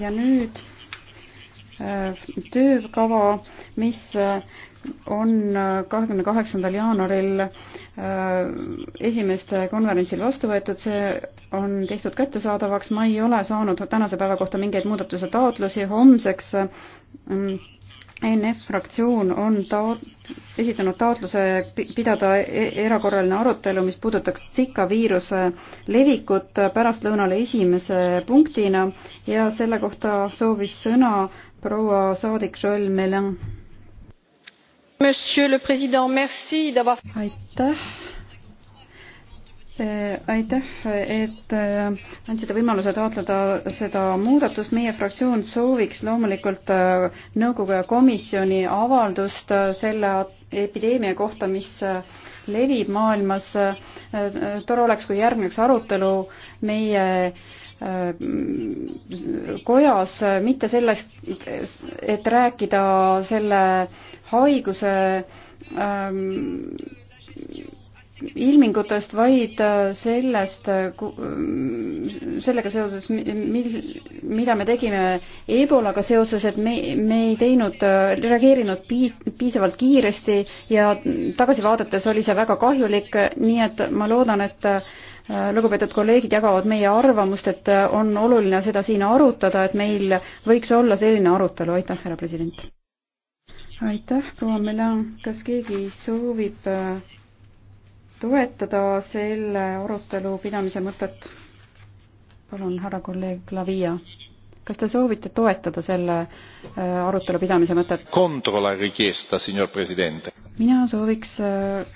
ja nüüd äh, töökava, mis äh, on äh, kahekümne kaheksandal jaanuaril esimeste konverentsil vastu võetud, see on tehtud kättesaadavaks, ma ei ole saanud tänase päeva kohta mingeid muudatuse taotlusi, homseks NF fraktsioon on taot-, esitanud taotluse pidada e-, erakorraline arutelu, mis puudutaks Zika viiruse levikut pärastlõunale esimese punktina ja selle kohta soovis sõna proua saadik Joel Melin. aitäh Eh, aitäh, et eh, andsite võimaluse taotleda seda muudatust. meie fraktsioon sooviks loomulikult eh, nõukogu ja komisjoni avaldust selle epideemia kohta, mis levib maailmas. tore oleks, kui järgneks arutelu meie kojas, mitte sellest, et rääkida selle haiguse ilmingutest, vaid äh, sellest, äh, mm, sellega seoses, mil, mida me tegime Ebolaga seoses, et me, me ei teinud, äh, reageerinud piis-, piisavalt kiiresti ja tagasi vaadates oli see väga kahjulik, nii et ma loodan, et lugupeetud kolleegid jagavad meie arvamust, et on oluline seda siin arutada, et meil võiks olla selline arutelu, aitäh, härra president! aitäh, proua Melan, kas keegi soovib toetada selle arutelu pidamise mõtet. palun, härra kolleeg Lavia, kas te soovite toetada selle äh, arutelu pidamise mõtet? mina sooviks äh,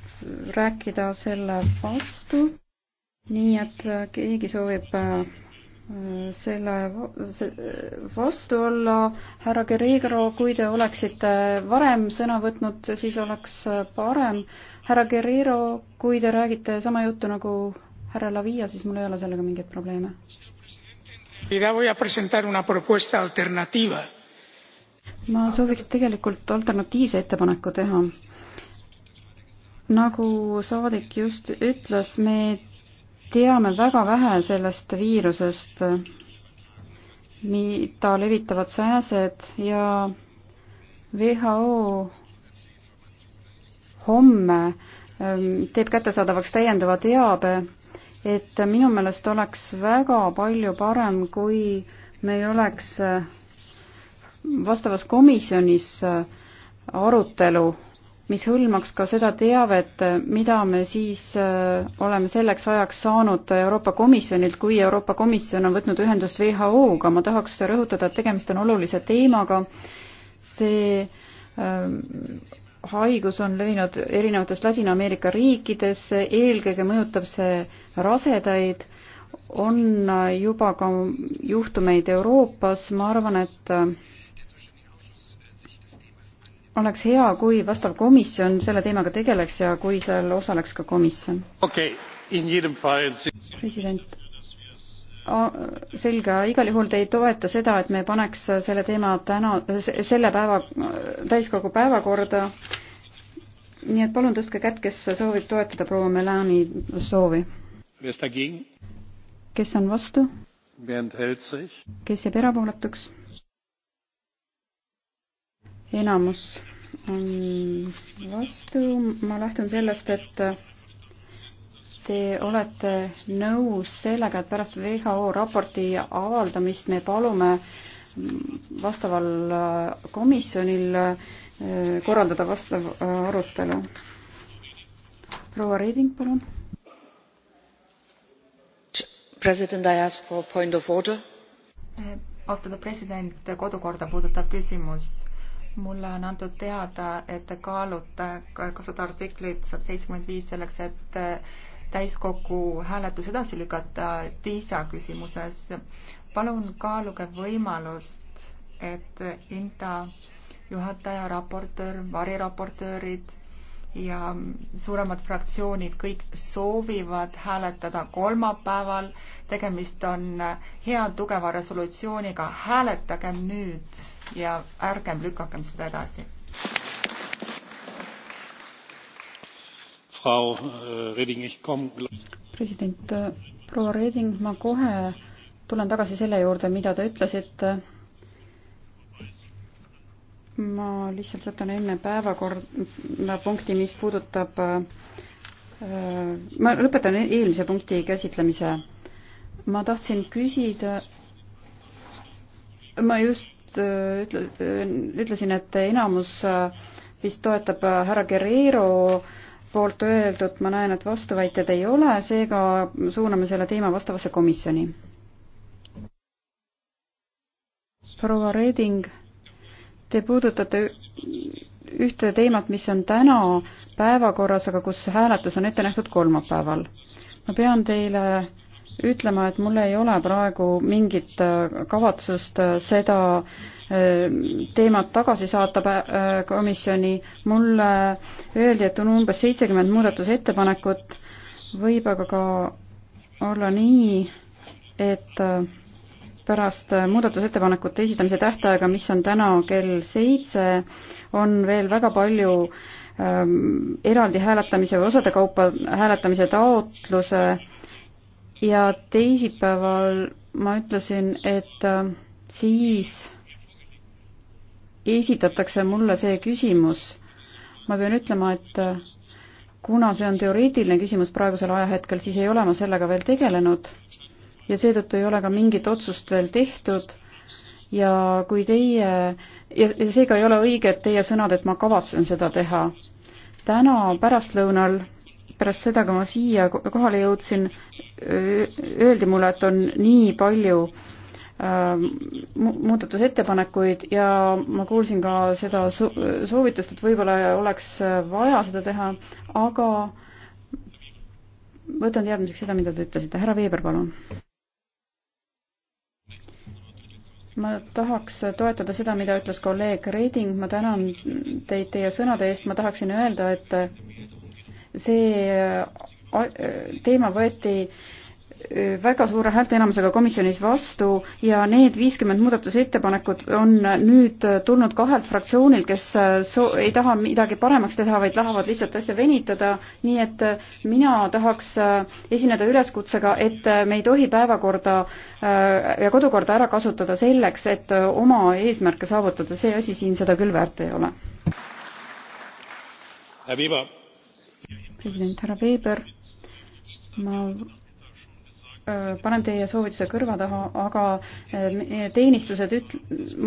rääkida selle vastu, nii et äh, keegi soovib selle vastu olla, härra Guerrero, kui te oleksite varem sõna võtnud, siis oleks parem. härra Guerrero, kui te räägite sama juttu nagu härra Lavia, siis mul ei ole sellega mingeid probleeme. ma sooviks tegelikult alternatiivse ettepaneku teha. nagu saadik just ütles, me teame väga vähe sellest viirusest, mida levitavad sääsed ja WHO homme ähm, teeb kättesaadavaks täiendava teabe, et minu meelest oleks väga palju parem, kui meil oleks äh, vastavas komisjonis äh, arutelu mis hõlmaks ka seda teavet, mida me siis äh, oleme selleks ajaks saanud Euroopa Komisjonilt, kui Euroopa Komisjon on võtnud ühendust WHO-ga. ma tahaks rõhutada, et tegemist on olulise teemaga. see ähm, haigus on levinud erinevates Ladina-Ameerika riikides, eelkõige mõjutab see rasedaid, on juba ka juhtumeid Euroopas, ma arvan, et äh, oleks hea, kui vastav komisjon selle teemaga tegeleks ja kui seal osaleks ka komisjon okay.. president, selge, igal juhul te ei toeta seda, et me paneks selle teema täna, selle päeva, täiskogu päevakorda. nii et palun tõstke kätt, kes soovib toetada proua Melani soovi. kes on vastu? kes jääb erapooletuks? enamus on vastu, ma lähtun sellest, et te olete nõus sellega, et pärast WHO raporti avaldamist me palume vastaval komisjonil eh, korraldada vastav eh, arutelu. proua Reding, palun. president, I ask for point of order. Eh, austatud president, kodukorda puudutav küsimus mulle on antud teada, et te kaalute kasutada artiklit sada seitsekümmend viis selleks, et eh, täiskogu hääletus edasi lükata viisa küsimuses. palun kaaluge võimalust, et INTA juhataja, raportöör, variraportöörid ja suuremad fraktsioonid kõik soovivad hääletada kolmapäeval. tegemist on hea tugeva resolutsiooniga, hääletagem nüüd ja ärgem lükakem seda edasi. Äh, president äh, proua Reding, ma kohe tulen tagasi selle juurde, mida te ütlesite ma lihtsalt võtan enne päevakorda punkti, mis puudutab äh, ma lõpetan eelmise punkti käsitlemise. ma tahtsin küsida, ma just äh, ütle, äh, ütlesin, et enamus vist toetab härra Guerrero poolt öeldut, ma näen, et vastuväiteid ei ole, seega suuname selle teema vastavasse komisjoni. proua Reding Te puudutate ühte teemat, mis on täna päevakorras, aga kus hääletus on ette nähtud kolmapäeval. ma pean teile ütlema, et mul ei ole praegu mingit äh, kavatsust äh, seda äh, teemat tagasi saata komisjoni. mulle öeldi, et on umbes seitsekümmend muudatusettepanekut, võib aga ka olla nii, et pärast muudatusettepanekute esitamise tähtaega, mis on täna kell seitse, on veel väga palju ähm, eraldi hääletamise või osade kaupa hääletamise taotluse ja teisipäeval ma ütlesin, et äh, siis esitatakse mulle see küsimus. ma pean ütlema, et äh, kuna see on teoreetiline küsimus praegusel ajahetkel, siis ei ole ma sellega veel tegelenud ja seetõttu ei ole ka mingit otsust veel tehtud ja kui teie, ja seega ei ole õiged teie sõnad, et ma kavatsen seda teha. täna pärastlõunal, pärast seda, kui ma siia kohale jõudsin, öeldi mulle, et on nii palju ähm, muudatusettepanekuid ja ma kuulsin ka seda soovitust, et võib-olla oleks vaja seda teha, aga võtan teadmiseks seda, mida te ütlesite. härra Veeber, palun ma tahaks toetada seda, mida ütles kolleeg Reding, ma tänan teid teie sõnade eest, ma tahaksin öelda, et see äh, teema võeti äh, väga suure häälteenamusega komisjonis vastu ja need viiskümmend muudatusettepanekut on nüüd tulnud kahelt fraktsioonilt, kes äh, so-, ei taha midagi paremaks teha, vaid tahavad lihtsalt asja venitada, nii et äh, mina tahaks äh, esineda üleskutsega, et me ei tohi päevakorda ja kodukorda ära kasutada selleks, et oma eesmärke saavutada, see asi siin seda küll väärt ei ole. president härra Weber, ma Äh, panen teie soovituse kõrva taha, aga äh, teenistused üt-,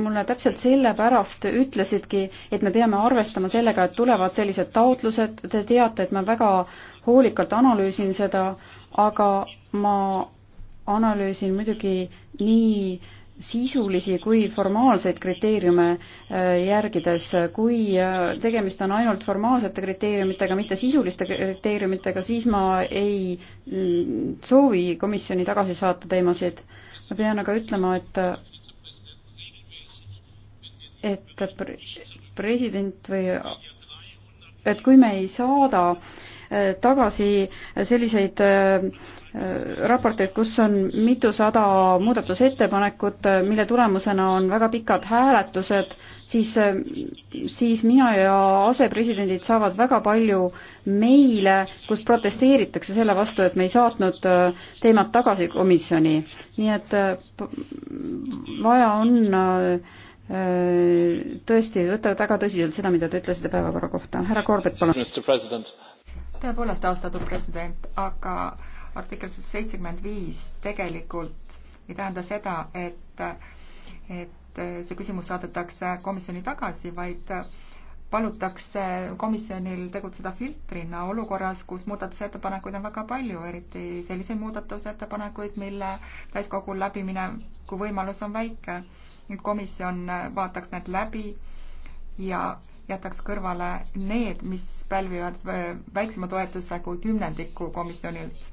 mulle täpselt sellepärast ütlesidki, et me peame arvestama sellega, et tulevad sellised taotlused, te teate, et ma väga hoolikalt analüüsin seda, aga ma analüüsin muidugi nii äh, sisulisi kui formaalseid kriteeriume äh, järgides, kui äh, tegemist on ainult formaalsete kriteeriumitega, mitte sisuliste kriteeriumitega, siis ma ei mm, soovi komisjoni tagasi saata teemasid. ma pean aga ütlema, et et pre president või et kui me ei saada äh, tagasi selliseid äh, äh, raporteid, kus on mitusada muudatusettepanekut, äh, mille tulemusena on väga pikad hääletused, siis, siis mina ja asepresidendid saavad väga palju meile, kus protesteeritakse selle vastu, et me ei saatnud teemat tagasi komisjoni. nii et vaja on tõesti võtta väga tõsiselt seda, mida te ütlesite päevakorra kohta. härra Korbet, palun tõepoolest, austatud president, aga artikkel sada seitsekümmend viis tegelikult ei tähenda seda, et, et see küsimus saadetakse komisjoni tagasi, vaid palutakse komisjonil tegutseda filtrina olukorras, kus muudatusettepanekuid on väga palju, eriti selliseid muudatusettepanekuid, mille täiskogul läbimineku võimalus on väike. nüüd komisjon vaataks need läbi ja jätaks kõrvale need, mis pälvivad äh, väiksema toetuse kui kümnendiku komisjonilt,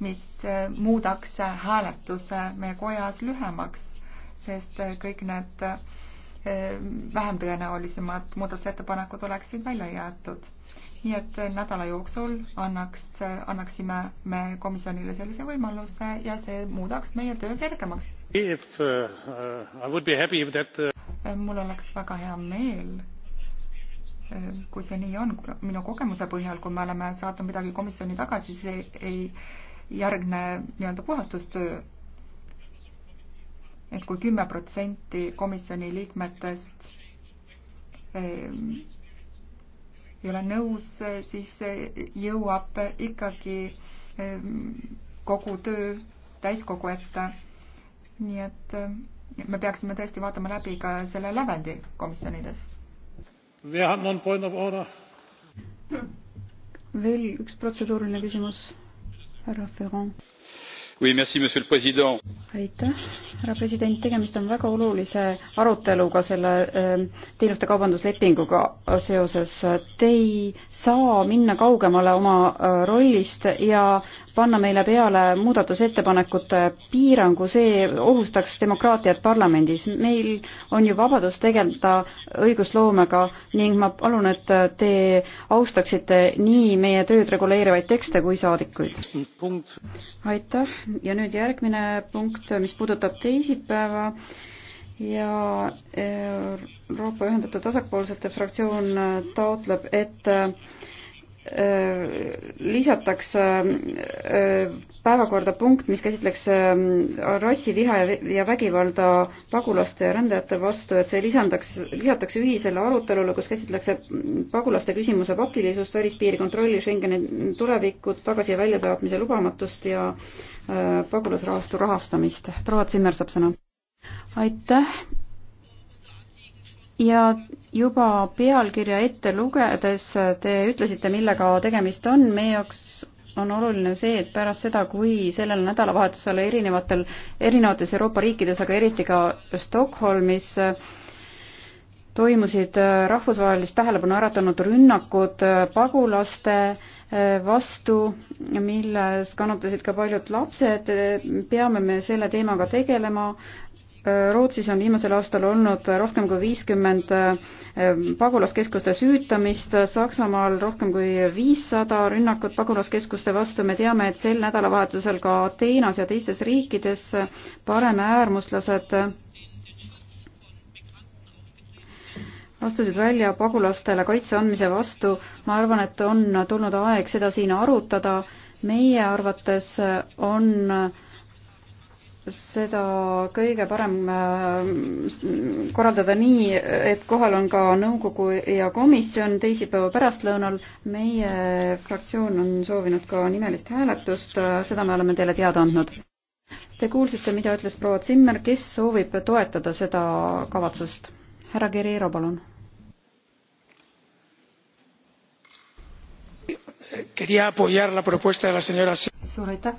mis äh, muudaks hääletuse meie kojas lühemaks, sest äh, kõik need vähem tõenäolisemad muudatusettepanekud oleksid välja jäetud. nii et nädala jooksul annaks, annaksime me komisjonile sellise võimaluse ja see muudaks meie töö kergemaks If, uh, uh that... Uh, äh, mul oleks väga hea meel, äh, kui see nii on, minu kogemuse põhjal, kui me oleme saatnud midagi komisjoni tagasi, siis ei, ei järgne nii-öelda puhastustöö. et kui kümme protsenti komisjoni liikmetest ei, ähm, ei ole nõus, äh, siis jõuab ikkagi ähm, kogu töö täiskogu ette nii et äh, me peaksime tõesti vaatama läbi ka selle lävendi komisjonides. veel üks protseduuriline küsimus, härra Ferrand. Oui, merci, monsieur le président. aitäh, härra president, tegemist on väga olulise aruteluga selle äh, teenuste kaubanduslepinguga seoses. Te ei saa minna kaugemale oma äh, rollist ja panna meile peale muudatusettepanekute piirangu, see ohustaks demokraatiat parlamendis. meil on ju vabadus tegeleda õigusloomega ning ma palun, et te austaksite nii meie tööd reguleerivaid tekste kui saadikuid. aitäh ja nüüd järgmine punkt, mis puudutab teisipäeva ja äh, Euroopa Ühendatud Vasakpoolsete fraktsioon taotleb, et Äh, lisatakse äh, päevakorda punkt, mis käsitleks äh, rassiviha ja vägivalda pagulaste ja rändajate vastu, et see lisandaks, lisatakse ühisele arutelule, kus käsitlekse pagulaste küsimuse pakilisust, välispiiri kontrolli, Schengeni tulevikut, tagasi- ja väljasaatmise lubamatust ja pagulasrahastu rahastamist. proua Zimmer saab sõna. aitäh ja juba pealkirja ette lugedes te ütlesite, millega tegemist on, meie jaoks on oluline see, et pärast seda, kui sellel nädalavahetusel erinevatel, erinevates Euroopa riikides, aga eriti ka Stockholmis toimusid rahvusvahelist tähelepanu äratanud rünnakud pagulaste vastu, milles kannatasid ka paljud lapsed, peame me selle teemaga tegelema. Rootsis on viimasel aastal olnud rohkem kui viiskümmend eh, pagulaskeskuste süütamist, Saksamaal rohkem kui viissada rünnakut pagulaskeskuste vastu, me teame, et sel nädalavahetusel ka Ateenas ja teistes riikides paremäärmuslased astusid välja pagulastele kaitse andmise vastu, ma arvan, et on tulnud aeg seda siin arutada, meie arvates on äh, seda kõige parem äh, korraldada nii, et kohal on ka nõukogu ja komisjon teisipäeva pärastlõunal. meie fraktsioon on soovinud ka nimelist hääletust, äh, seda me oleme teile teada andnud. Te kuulsite, mida ütles proua Zimmer, kes soovib toetada seda kavatsust? härra Guerrero, palun. suur aitäh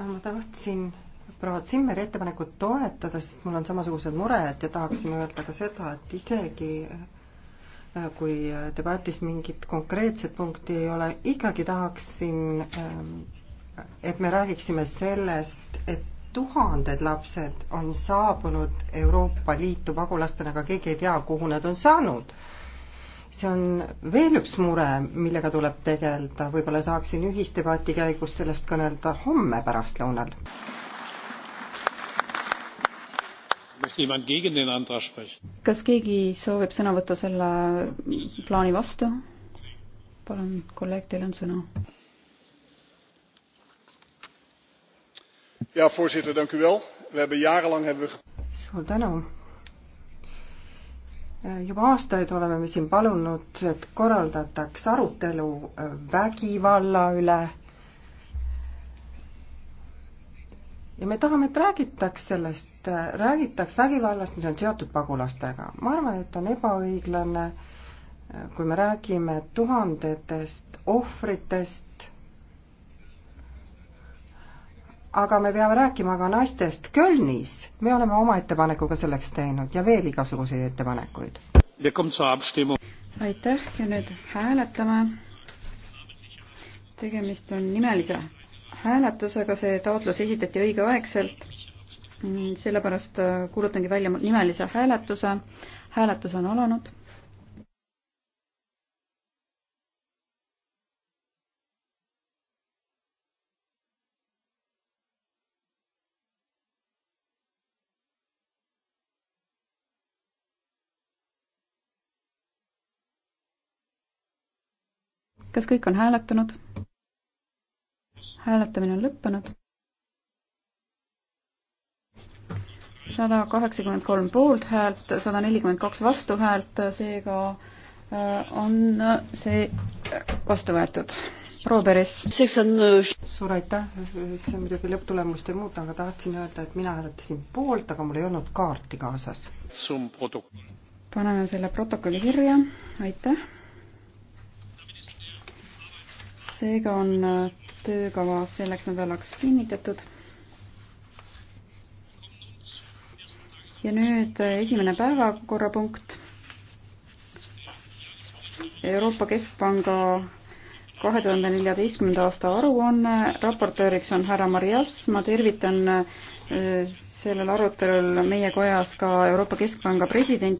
Äh, ma tahtsin proua Zimmeri ettepanekut toetada, sest mul on samasugused mured ja tahaksin öelda ka seda, et isegi äh, kui debatis mingit konkreetset punkti ei ole, ikkagi tahaksin, äh, et me räägiksime sellest, et tuhanded lapsed on saabunud Euroopa Liitu pagulastena, aga keegi ei tea, kuhu nad on saanud see on veel üks mure, millega tuleb tegeleda, võib-olla saaksin ühisdebati käigus sellest kõnelda homme pärastlõunal. kas keegi soovib sõna võtta selle plaani vastu? palun, kolleeg, teil on sõna. ja, voorzitter, tänku veel. suur tänu juba aastaid oleme me siin palunud, et korraldataks arutelu äh, vägivalla üle. ja me tahame, et räägitaks sellest, äh, räägitaks vägivallast, mis on seotud pagulastega. ma arvan, et on ebaõiglane, äh, kui me räägime tuhandetest ohvritest, aga me peame rääkima ka naistest Kölnis. me oleme oma ettepanekuga selleks teinud ja veel igasuguseid ettepanekuid. aitäh ja nüüd hääletame. tegemist on nimelise hääletusega, see taotlus esitati õigeaegselt. sellepärast kuulutangi välja nimelise hääletuse. hääletus on alanud kas kõik on hääletanud? hääletamine on lõppenud. sada kaheksakümmend kolm poolthäält, sada nelikümmend kaks vastuhäält, seega äh, on äh, see vastu võetud. proua Peres. suur aitäh, see muidugi lõpptulemust ei muuda, aga tahtsin öelda, et mina hääletasin poolt, aga mul ei olnud kaarti kaasas. paneme selle protokolli kirja, aitäh seega on äh, töökava selleks nädalaks kinnitatud. ja nüüd äh, esimene päevakorrapunkt. Euroopa Keskpanga kahe tuhande neljateistkümnenda aasta aruanne, raportööriks on härra Marias, ma tervitan äh, sellel arutelul meie kojas ka Euroopa Keskpanga presidenti.